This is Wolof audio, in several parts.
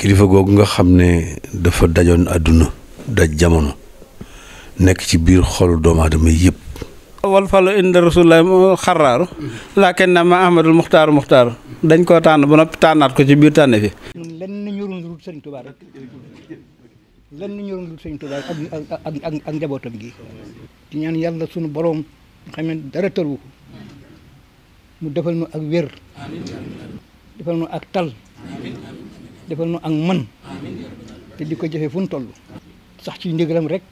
kilifa googu nga xam ne dafa dajoon àdduna daj jamono nekk ci biir xolu doomu aadama yëpp. wal falu inda rasulillah mu xaraaru laakin na ma ahmadul muxtaaru muxtaaru dañ koo tànn ba noppi tànnaat ko ci biir tànn fi lenn ñorul lenn ñorul lu sëriñ Tuubaa ak njabootam gi di ñaan yàlla sunu boroom xam ne dara tëru mu defal nu ak wér defal nu ak tal defal nu ak mën te di ko jëfe fu nu toll sax ci ndigalam rek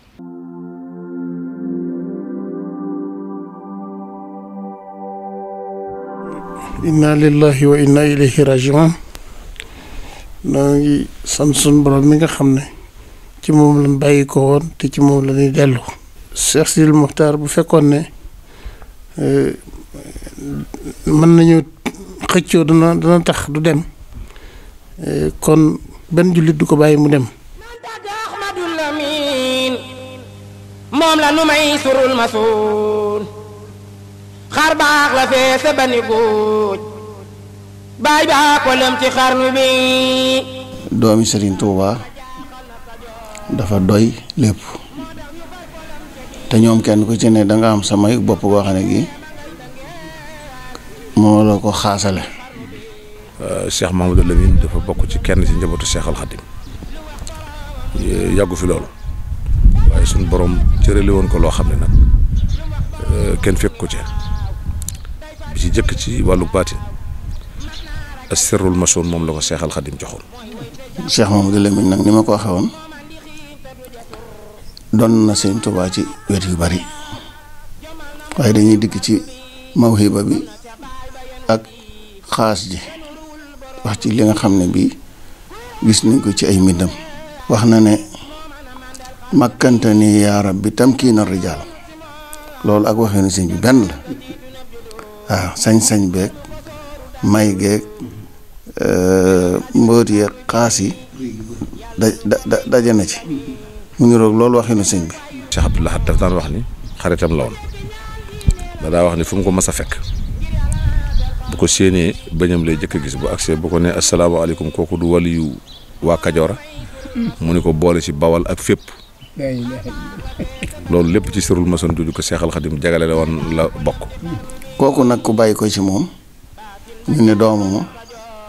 inna lillahi wa inna ilayhi rajiun noo ngi sant sunu borom mi nga xam ne ci moom lañ bàyyi ko woon te ci moom la ñuy dellu Cheikh Sidil Mokhtar bu fekkoon ne eh, mën nañu xëccoo dana dana tax du dem kon benn jullit du ko bàyyi mu dem moom la nu may surul masuun xar baax la feese ba ni góoj baay baa ko lëm ci xarnu bi doomi sëriñ Tuuba dafa doy lépp te ñoom kenn ku ci ne danga am samay bopp goo ne gi moo la ko xaasale Euh, Cheikh Mahamadou Lamine dafa bokk ci kenn ci njabootu seexal Al yàggu fi loolu waaye suñu borom cërale woon ko loo xam ne nag euh, kenn fekk ko ci bi ci jëkk ci wàllu baatin ma masoon moom la ko Cheikh Al Khadim joxoon. Cheikh Mahamadou Lamine nag ni ma ko waxee woon na Sëñ Tuubaa ci wet yu bari waaye dañuy dikk ci mawhiba bi ak xaas ji. wax ci li nga xam ne bii gis nañ ko ci ay mbindam wax na ne makkante ni kii nar tamkiina rijaal loolu ak waxee sëñ bi benn la waaw sañ-sañ beeg may geeg mbóot yeeg xaas yi da da daje na ci mu ngi roog loolu waxee sëñ bi Cheikh Abdoul Ahad daf daan wax ni xaritam la woon da daa wax ni fu mu ko mas a fekk ko séenee bañam lay jëkk a gis bu see bu ko ne asalaamaaleykum kooku du wàllu yu waa Kajoora mm. mu ni ko boole si bawal ak fépp loolu lépp ci sërul mason du ko seexal xadim jagale la woon la bokk kooku nag ku bàyyi ko ci moom ñu ne doomam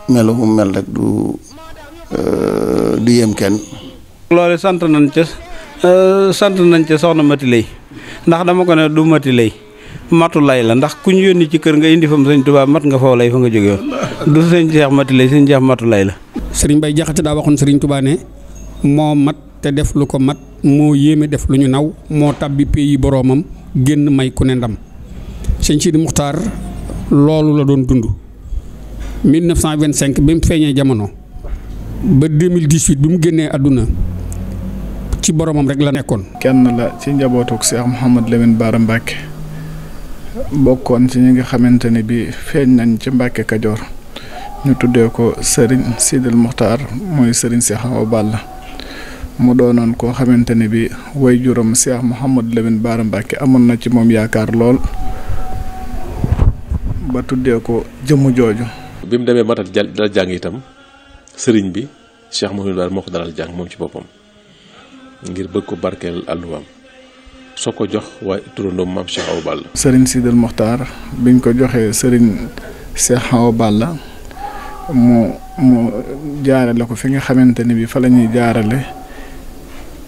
melu mu mel rek du euh, du yem kenn loolu sant nañ ca euh, sant nañ ca soxna Mati Lay ndax dama ko ne du Mati Lay matu lay la ndax ku ñu yónni ci kër nga indi fam sëñ Tuubaa mat nga faw lay fa nga jóge woon du sëñ Cheikh mati lay sëñ Cheikh matu lay la. Serigne Baye Jaxate daa waxoon Serigne Touba ne moo mat te def lu ko mat moo yéeme def lu ñu naw moo tabbi pays boroomam génn may ku ne ndam sëñ Sidi Muxtaar loolu la doon dund 1925 bi mu feeñee jamono ba 2018 bi mu génnee àdduna ci boromam rek la nekkoon. kenn la ci njabootuk Cheikh Mouhamad Lamine baara Mbacke bokkoon ci ñi nga xamante ne bi feeñ nañ ci Mbàkke Kajoor ñu tuddee ko sëriñ Sidil Muxtaar mooy Serigne Cheikh Awa Balla mu doonoon koo xamante ne bi way juróom Cheikh Mouhamadou Lamine Bara Mbàkke amoon na ci moom yaakaar lool ba tuddee ko jëmm jooju bi mu demee matal dal jàng itam sëriñ bi Cheikh Mouhamadou daal moo ko dalal jàng moom ci boppam ngir bëgg ko barkeel àlluwaam soo ko jox waaye turandoom maam Cheikh Awa Balla. Serigne Sidil Mokhtar biñ ko joxee Serigne si Awa Balla mu mu jaarale ko fi nga xamante ne bi fa lañuy jaarale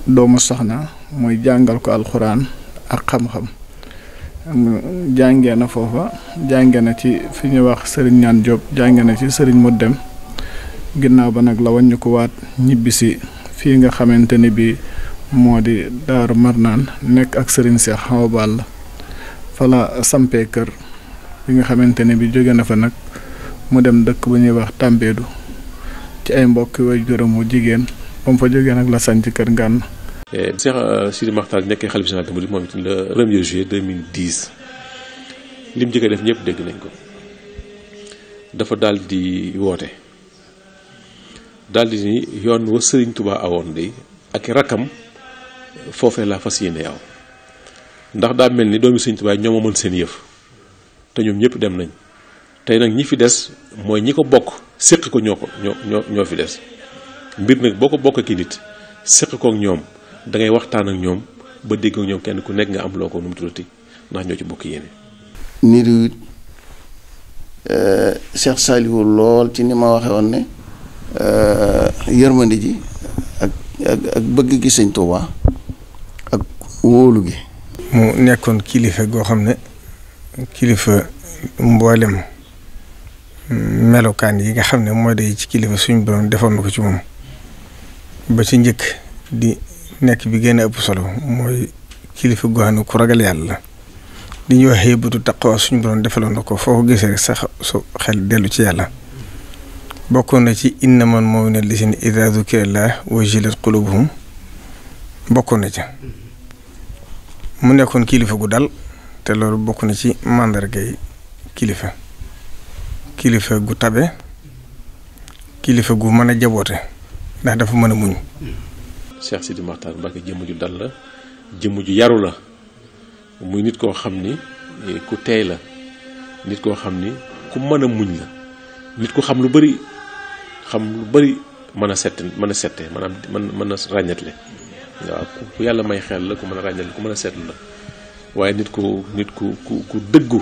doomu soxna mooy jàngal ko alxuraan ak xam-xam jàngee na foofa jàngee na ci fi ñuy wax Serigne Ñaan Diop jàngee na ci sëriñ mu dem ginnaaw ba nag la wàññi ko waat ñibbisi fi nga xamante ni bi modi di marnan nek ak serigne cheikh hawbal fala fa keur bi nga xamantene bi joge na fa nak mu dem dekk bu ñuy wax tambedu ci ay mbokk way juróom wu jigen bam fa joge nak la sañ keur kër ngànn Cheikh eh, Sidi Makhtar nek xalifa général des mom le premier juillet 2010 lim jige def ñep dégg nañ ko dafa dal di wote dal di ni yoon wa Serigne Touba awon de ak rakam foofee laa fas yéene aw ndax daa mel ni doomi Sëñ Tuubaa ñoo mën seen yëf te ñoom ñëpp dem nañ tey nag ñi fi des mooy ñi ko bokk séq ko ñoo ko ñoo fi des mbir nag boo ko bokk ki nit séq kook ñoom dangay waxtaan ak ñoom ba dégg ak ñoom kenn ku nekk nga am loo ko nu mu tuddati ndax ñoo ci bokk yéene. nit yi euh, Cheikh Saliou lool ci ni ma waxee woon ne euh, yërmande ji ak ak bëgg gi Sëñ Tuubaa wóolu gi. mu nekkoon kilifa goo xam ne kilifa mboolem melokaan yi nga xam ne mooy day ci kilifa suñu borom defoon na ko ci moom ba ci njëkk di nekk bi gën a ëpp solo mooy kilifa goo ne ku ragal yàlla li ñuy wax yëbbatu taqwa suñu borom defaloon na ko foo ko gisee rek sax su xel dellu ci yàlla. bokkoon na ci innamal mu'minuuna llaziina izaa zukira llaahu wajilat quluubuhum bokkoon na ci. mu nekkoon kilifa gu dal te loolu bokk na ci màndargay kilifa kilifa gu tabe kilifa gu mën a jaboote ndax dafa mën a muñ. Cheikh Sidi Makhtar Mbacké jëmm ju dal la jëmm ju yaru la muy nit koo xam ni eh, ku teey la nit koo xam ni ku mën a muñ la nit ku xam lu bari xam lu bari mën a sette mën a sette maanaam mën mën a ràññatle. waaw ku yàlla may xel la ku mën a ràññal ku mën a seetlu la waaye nit ku nit ku ku ku dëggu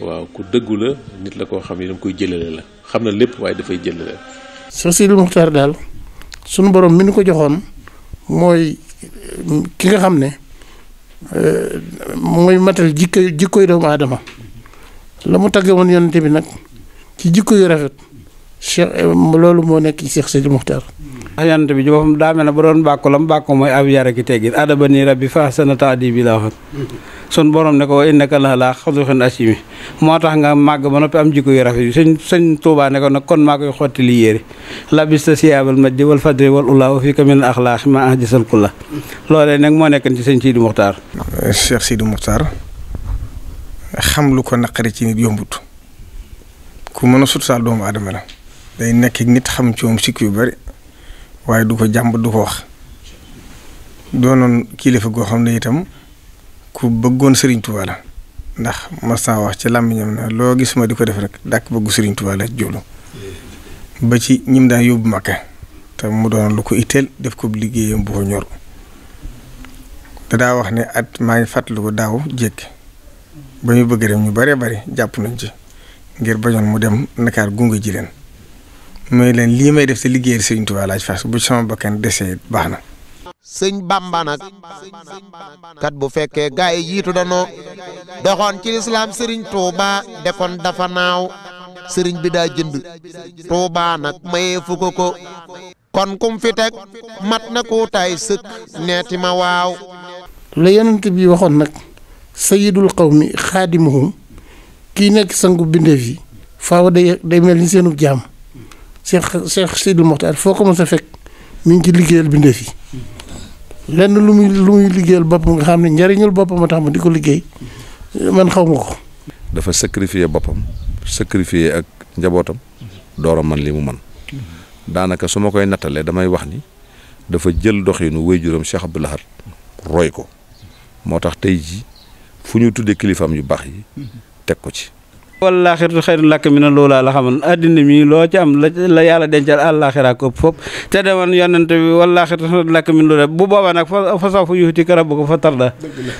waaw ku dëggu la nit la koo xam ne dama koy jëlale la xam na lépp waaye dafay jëlale la. soo si Muxtaar daal sunu borom mi nu ko joxoon mooy ki nga xam ne mooy matal jikko jikkoy doomu aadama la mu tagge woon yonente bi nag ci jikko yu rafet Cheikh loolu moo nekk Cheikh Sidi Muxtaar yonent bi ci boppam daa ba doon bàkku lam bàkku mooy ab yar ak teggin adaba nii rabbi fa ahsana ta'dibi la waxoon sun borom ne ko wa innaka la'alaa xuluqin asiim moo tax nga màgg ba noppi am jikko yu rafet yi sëñ sëñ ko nag kon maa koy xotti li yére labista siyaabal majdi wal fadli wal ulaa wa fiika min al-axlaaq maa ahjasal kulla loolee nag moo nekkan ci sëñ ko naqari ci nit yombut ku sikk yu bari waaye du ko jàmb du ko wax doonoon kilifa goo xam ne itam ku bëggoon Serigne Touba ndax mas naa wax ci làmmiñam ne loo gis ma di ko def rek dàkk bëggu Serigne Touba la ba ci ñim daan yóbbu Makka te mu doon lu ko itteel def ko liggéeyam bu ko ñor dadaa wax ne at maa ngi fàttaliku daaw jékki ba ñu bëgg dem ñu bare bari jàpp nañ ci ngir bañoon mu dem nakaar gunge ji leen mooy leen lii may def si liggéeyal Sëriñ Tuubaa laaj fas bu sama bakkan desee baax na. sëñ Bamba nag kat bu fekkee gaa yi jiitu danoo doxoon ci lislaam sëriñ Touba defoon dafa naaw sëriñ bi daa jënd Touba nag mayee fu ko ko kon kum fi teg mat na ko taay sëkk neeti ma waaw. la yonent bi waxoon nag sayidul qawmi xaadimuhum kii nekk sangu bindeef yi faaw day day mel ni seenu jaam. Cheikh Cheikh Sidil Mokhtar foo ko mos a fekk mi ngi ci liggéeyal bindeef yi lenn lu muy lu muy liggéeyal boppam nga xam ne njariñul boppam a tax ma di ko liggéey man xaw ma ko. dafa sacrifier boppam sacrifier ak njabootam door man li mu man daanaka su ma koy nattalee damay wax ni dafa jël doxinu waajuram Cheikh Abdou Lahad roy ko moo tax tey jii fu ñu tuddee kilifaam yu baax yi teg ko ci. wallaaxitu xayru lakk mi na loolaa la xamal addina mi loo ci am la yàlla dencal àllaaxira ko ëpp foofu te demoon yonante bi wallaaxitu xayru lakk mi loola bu boobaa nag fa fa saw fu yuuti karab bu ko fa tarda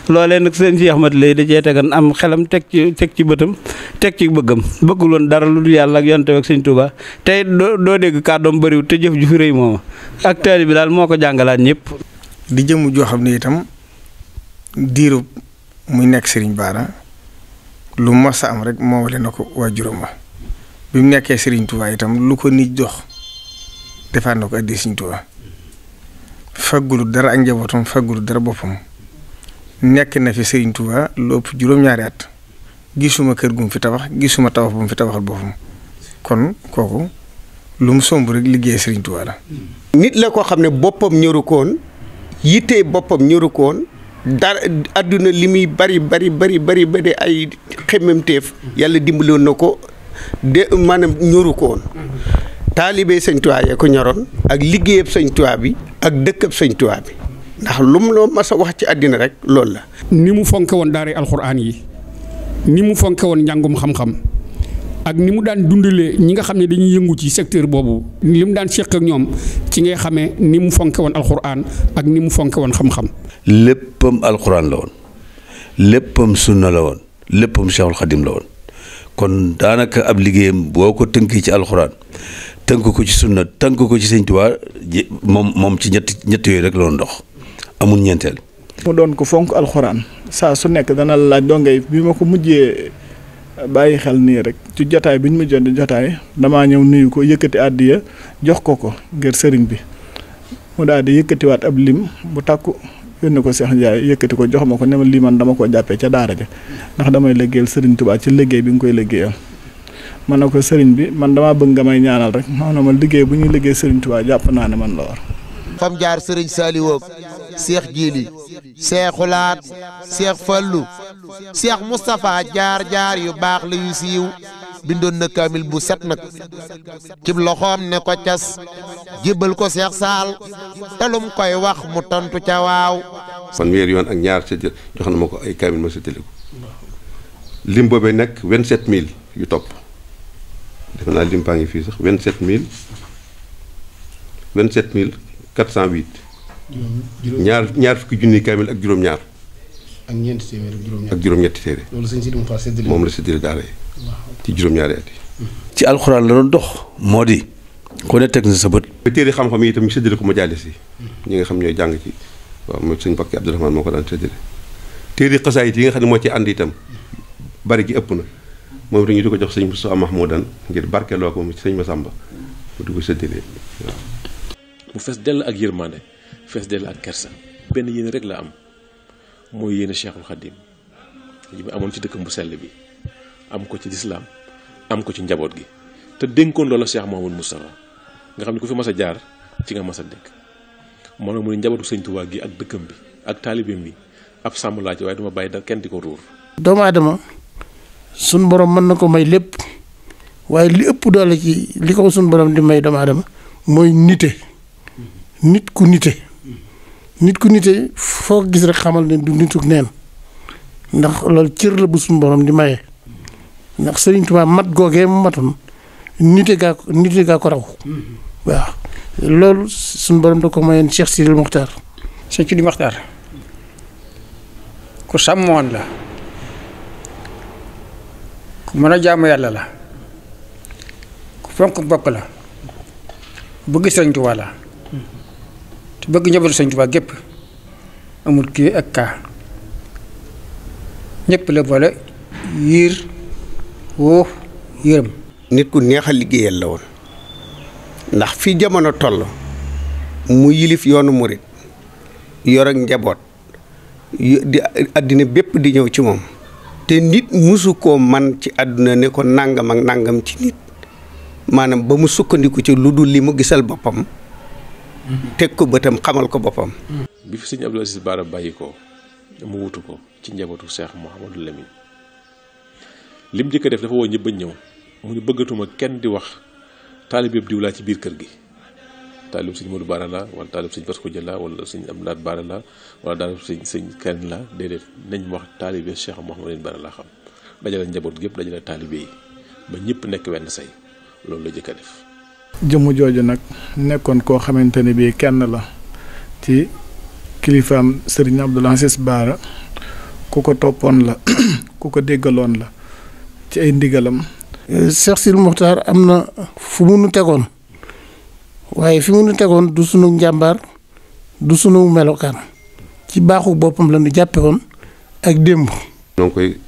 loolee nag seen Cheikh Ahmad lay da cee tegan am xelam teg ci teg ci bëtam teg ci bëggam bëgguloon dara lu dul yàlla ak yonante ak sëñ Tuuba tey doo dégg kàddoom bëriwul te jëf ju fi rëy mooma ak taali bi daal moo ko jàngalaat ñëpp di jëmm joo xam ne itam diirub muy nekk Sëriñ Baara lu mas a am rek moomale na ko waa juróom wa bi mu nekkee Serigne Touba itam lu ko nit jox defaat na ko addee Serigne Touba faggulu dara ak njabootam faggulu dara boppam nekk na fi Serigne Touba lu ëpp juróom-ñaari at gisuma kër gu mu fi tabax gisuma tabax bu mu fi tabaxal boppam kon kooku lu mu somb rek liggéey Serigne Touba la. nit la koo xam ne boppam ñoru koon yittee boppam ñoru dara àdduna li muy bari bari bari bari ba de ay xemmemteef yàlla dimbaloon na ko de maanaam ñoru ko woon taalibe sëñ Tuubaa yee ko ñoroon ak liggéeyab sëñ Tuubaa bi ak dëkkab sëñ Tuubaa bi ndax lu mu loo mas a wax ci àddina rek loolu la ni mu fonke woon daaray alxuraan yi ni mu fonke woon njàngum xam-xam ak ni mu daan dundalee ñi nga xam ne dañuy yëngu ci secteur boobu li mu daan seq ak ñoom ci ngay xamee ni mu fonke woon alxuraan ak ni mu fonke woon xam-xam. léppam alxuraan la woon léppam sunna la woon léppam Cheikhul Xadim la woon kon daanaka ab liggéeyam boo ko tënkee ci alxuraan tënk ko ci sunna tënk ko ci Sëñ Tuubaa moom moom ci ñett ñett yooyu rek la ndox amul ñeenteel. mu doon ko fonk alxuraan saa su nekk dana la laaj dongay bi ma ko mujjee. bàyyi xel nii rek ci jotaay bi ñu mujjoon di jotaay damaa ñëw nuyu ko yëkkati àddiya jox ko ko ngir sëriñ bi mu daal di yëkkatiwaat ab lim bu takku yónni ko seex Ndiaye yëkkati ko jox ma ko ne lii man dama koo jàppee ca daara ja ndax damay liggéeyal sëriñ Tuubaa ci liggéey bi nga koy liggéeyal. ma ne ko sëriñ bi man damaa bëgg nga may ñaanal rek maanaam ma liggéey bu ñuy liggéey sëriñ Tuubaa jàpp naa ne man la war. fam jaar sëriñ Saliou ak Cheikh Jili Cheikh Moustapha jaar jaar yu baax la yu siiw bindoon na kaamil bu set nag cib loxoom ne ko cas jébbal ko Cheikh Saal telum koy wax mu tontu ca waaw. fanweeri yoon ak ñaar sa jox na ma ko ay kaamil ma séddale ko lim boobee nekk 27000 yu topp defe naa lim baa ngi fii sax 27000 27408. ñaar ñaar fukki junni kaamil ak juróom-ñaar. ak ñeenti téeméer ak juróom-ñetti téere moom la séddale daara yi ci juróom-ñaari at mm-hmm. ci alxuraan la doon dox moo di ku ne teg na sa bët ba téere xam-xam yi itam ñu séddale ko majaalis yi mm-hmm. ñi nga xam ñooy jàng ci waaw mooy sëñ Bakki Abdourahmane moo ko daan séddale téere xasaayit yi nga xam ne moo ci ànd itam mm-hmm. bari gi ëpp na moom itam ñu di ko jox sëñ Moussa Mahmoudan ngir barkeloo ko sëñ Massamba mu di ko séddale waaw mu fees dell ak yërmande fees dell ak kersa benn yéen rek la am mooy yéene cheikhul xadim yi mu amoon ci dëkkam bu sell bi am ko ci lislaam am ko ci njaboot gi te dénkoon loola cheikh Mouhamadou Moustapha nga xam ne ku fi mas a jaar ci nga mas a dénk moo ne mu ne njabootu sëñ Tuubaa gi ak dëkkam bi ak taalibeem bi ab sàmm laaj waaye duma bàyyi da kenn di ko ruur doomu aadama suñ borom mën na ko may lépp waaye li ëpp doole ci li ko suñ borom di may doomu aadama mooy nite nit ku nite nit ku nitee foo gis rek xamal ne du nituk neen ndax lool cër la bu suñu borom di maye ndax Sëriñ Tuubaa mat googee mu matoon nite gaa ko nite gaa ko raw waaw loolu suñu borom da ko mayeen Cheikh Sidil Mokhtar. Cheikh Sidil Mokhtar ku sàmmoon la ku mën a jaamu yàlla la ku fonk bopp la bëgg Sëriñ Tuubaa la. bëgg njabootu sëñ Tuubaa gépp amul ki ak ka ñëpp la boole yir wo yërëm nit ku neexal a liggéeyal la woon ndax fi jamono toll mu yilif yoonu murit yor ak njaboot di adina bépp di ñëw ci moom te nit musu ko man ci aduna ne ko nangam ak nangam ci nit manam ba mu sukkandiku ci li mu gisal boppam teg ko bëtam xamal ko boppam. bi fi sëñ Abdou Aziz Bara bàyyi ko mu wutu ko ci njabootu Cheikh Mouhamadou Lamine lim njëkk def dafa woo ñëpp ñëw mu ñu bëggatuma kenn di wax taalib yëpp diw laa ci biir kër gi. taalib sëñ Modou Bara la wala taalib sëñ Bass Khoudia la wala sëñ Abdou Lahad Bara la wala daal sëñ sëñ kenn la déedéet nañ wax taalibe Cheikh Mouhamadou Lamine Bara laa xam dajale njaboot gépp dajale taalibe yi ba ñëpp nekk wenn say loolu la jëkk a def. jëmm jooju nag nekkoon koo xamante ne bii kenn la ci kilifaam sëriñ Abdoul Aziz Baara ku ko toppoon la ku ko déggaloon la ci ay ndigalam. Cheikh Sidi Mokhtar am na fu mu tegoon waaye fi mu tegoon du sunu njàmbaar du sunu melokaan ci baaxu boppam la nu jàppe ak démb. ñoo koy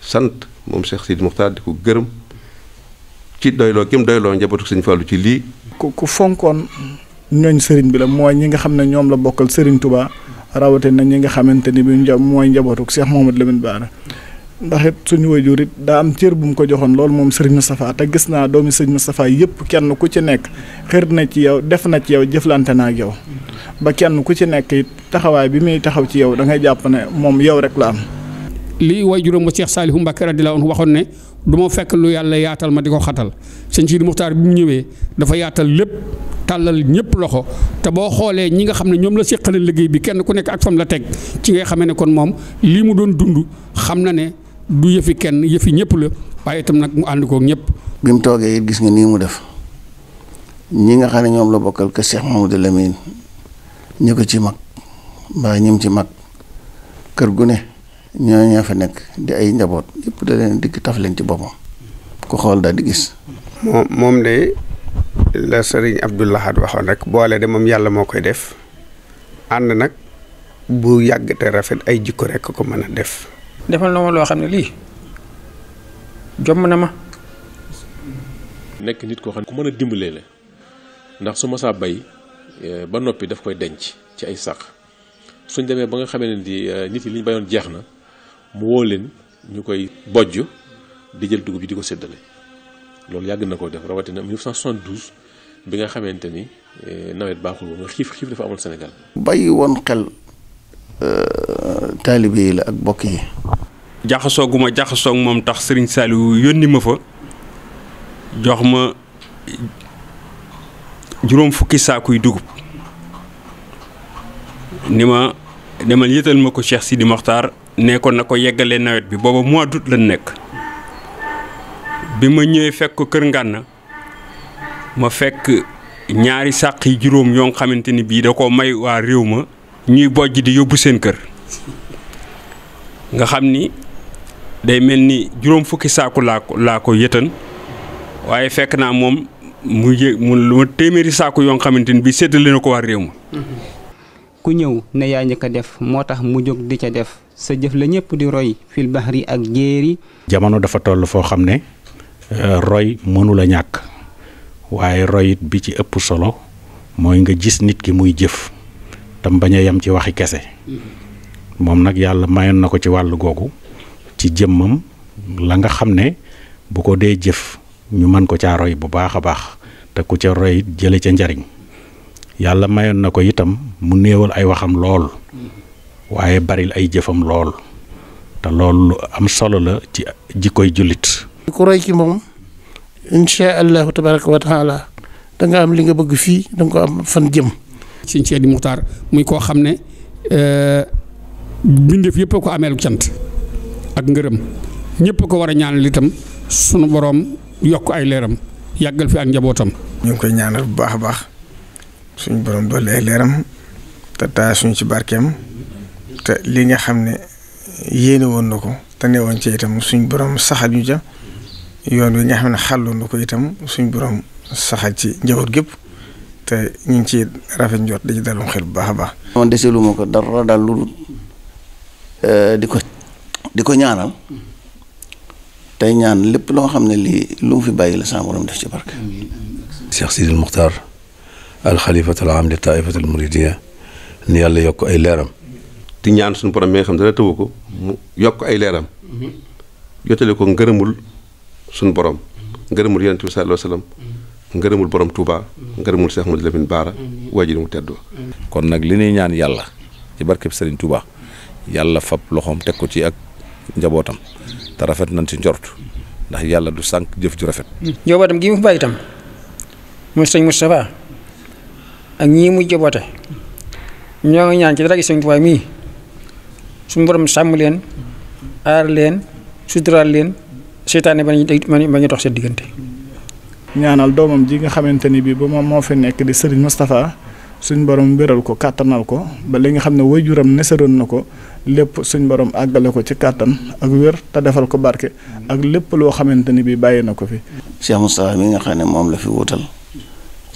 sant moom Cheikh Sidi Mokhtar di ko gërëm. ci doyloo kim doyloo njabootu sëñ Fallou ci lii. ku ku fonkoon ñooñ sëriñ bi la mooy ñi nga xam ne ñoom la bokkal sëriñ Touba rawatina ñi nga xamante ni bi mooy njabootu Cheikh Mouhamadou Lamine Bara ndax it suñu waajur it daa am cër bu mu ko joxoon loolu moom sëriñ Moustapha te gis naa doomi sëriñ Moustapha yëpp kenn ku ci nekk xër na ci yow def na ci yow jëflante na ak yow ba kenn ku ci nekk it taxawaay bi muy taxaw ci yow da ngay jàpp ne moom yow rek la am. li way juróom ba Cheikh Saalihu Mbàkke radiyallaahu anhu waxoon ne du ma fekk lu yàlla yaatal ma di ko xatal sëñ Sidi Muxtaar bi mu ñëwee dafa yaatal lépp tàllal ñëpp loxo te boo xoolee ñi nga xam ne ñoom la séqale liggéey bi kenn ku nekk ak fam la teg ci ngay xamee ne kon moom lii mu doon dund xam na ne du yëfi kenn yëfi ñëpp la waaye itam nag mu ànd ñëpp. bi mu toogee gis nga nii mu def ñi nga xam ne ñoom la bokkal que Cheikh Mamadou Lamine ñu ko ci mag mbaa ñim ci mag kër gune ñoo ñoo fa nekk di ay njaboot yëpp da leen dikk taf leen ci boppam ku xool daal di gis. moom moom de la sëriñ Abdou Lahad waxoon rek boole de moom yàlla moo koy def ànd nag bu yàgg te rafet ay jikko rek ko mën a def. defal na ma loo xam ne lii jomm na ma. nekk nit koo xam ku mën a dimbalee la ndax su ma bay eh, ba noppi daf koy denc ci ay sàq suñ demee ba nga xamee ne eh, nit yi li bayoon jeex na. mu woo leen ñu koy bojj di jël dugub bi di ko séddale loolu yàgg na ko def rawatina 1972 bi nga xamante ni nawet baaxul woon xiif xiif dafa amoon Sénégal. bàyyi woon xel taalibe yi la ak bokk yi. jaxasoo gu ma jaxasoo moom tax Serigne Saliou yónni ma fa jox ma juróom fukki saakuy dugub ni ma demal yëtal ma ko Cheikh Sidi Mokhtar. nekkoon na ko yeggalee nawet bi booba mois d'août lan nekk bi ma ñëwee fekk ko kër ngànna ma fekk ñaari sàq yi juróom yoo nga xamante ni bii da ko may waa réew ma ñuy bojj di yóbbu seen kër nga xam ni day mel ni juróom fukki saaku laa ko laa ko yëtan waaye fekk naa moom mu yë mu téeméeri saaku yoo nga xamante ni bii séddale ko waa réew ma mm-hmm. ku ñëw ne yaa njëkk a def moo tax mu jóg di ca def sa jëf la ñëpp di roy fil bahri ak jéeri jamono dafa toll foo xam ne euh, roy mënula ñàkk waaye royit bi ci ëpp solo mooy nga gis nit ki muy jëf tam bañ a yem ci waxi kese mm-hmm. moom nag yàlla mayoon na ko ci wàllu googu ci jëmmam la nga xam ne bu ko dee jëf ñu mën ko caa roy bu baax a baax te ku ca royit jële ca njariñ yàlla mayoon na ko itam mu néewal ay waxam lool waaye baril ay jëfam lool te loolu lu am solo la ci jikkoy jullit. ku roy ci moom incha allahu tabaraka wa taala am li nga bëgg fii da ko am fan jëm. sëñ Seydi Muxtaar muy koo xam ne euh, bindeef yëpp a ko ameel cant ak ngërëm ñëpp a ko war a ñaanal itam sunu boroom yokk ay leeram yàggal fi ak njabootam. ñu koy ñaanal bu baax a baax. suñ borom dolli ay leeram te taa suñ ci barkeem te li nga xam ne yéene woon na ko te ne woon ci itam suñ borom saxaar ñu ja yoon wi nga xam ne xàlloon na ko itam suñ borom saxal ci njaboot gépp te ñu ngi ci rafet njoot dañu dalum xel bu baax a baax. man deselu ma ko dara daal lu euh, di ko di ko ñaanal tey ñaan lépp loo xam ne lii lu mu fi bàyyi la saa borom def ci barke. Cheikh Sidil Mokhtar. alxalifatul am li taifatul muridiya ni yàlla yokk ay leeram di ñaan suñu borom mi nga xam dana tëwu ko mu yokk ay leeram mhm. yotale ko ngërëmul suñu borom ngërëmul yonent bi sallallahu alayhi wasallam mhm. ngërëmul borom Touba mhm. ngërëmul mu Ahmadou Lamine Bara waajur mu tedd kon nag li ñuy ñaan yàlla ci barkeb Serigne Touba yàlla fab loxoom teg ko ci ak njabootam te rafet nañ ci njort ndax yàlla du sànq jëf ju rafet njabootam gi mu fi bàyyi itam muy sëñ ak ñii mu joboote ñoo ngi ñaan ci dara gi Sëñ Tuubaa mii suñu borom sàmm leen aar leen suturaal leen seytaane ba ñu ma ñu dox seen diggante. ñaanal doomam ji nga xamante ni bii ba moom moo fi nekk di sëriñ Moustapha suñ boroom wéral ko kàttanal ko ba li nga xam ne waajuram nesaroon na ko lépp suñ borom àggale ko ci kàttan ak wér te defal ko barke ak lépp loo xamante ni bii bàyyi na ko fi. Cheikh Moustapha mi nga xam ne moom la fi wutal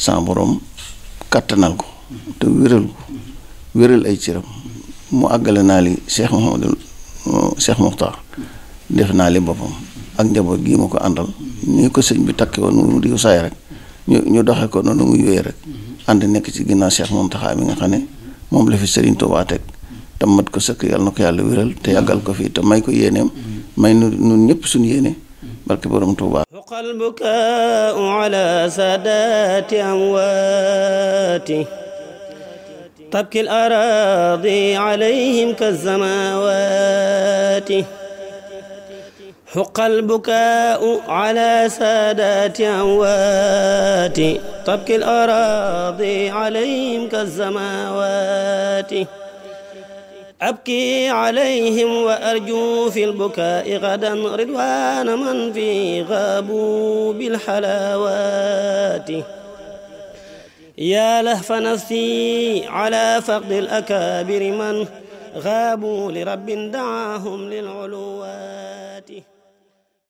sans borom. kattanal ko te wéral ko wéral ay cëram mu àggale naa li Cheikh Mouhamadul Cheikh Moukhtar def naa li boppam ak njaboot gii ma ko àndal ni ko sëñ bi takke woon mu di saay rek ñu ñu doxee ko noonu mu yooyee rek ànd nekk ci ginnaaw Cheikh Mountakha mi nga xam ne moom la fi Serigne Touba teg te mat ko sëkk yàlla na ko yàlla wéral te yàggal ko fii te may ko yéeneem may nu ñun ñëpp suñu yéene حق البكاء على سادات أمواته تبكي الأراضي عليهم كالزماوات حق البكاء على سادات أمواته تبكي الأراضي عليهم كالزماوات أبكي عليهم وأرجو في البكاء غدا رضوان من في غابوا بالحلاوات يا لهف نفسي على فقد الأكابر من غابوا لرب دعاهم للعلوات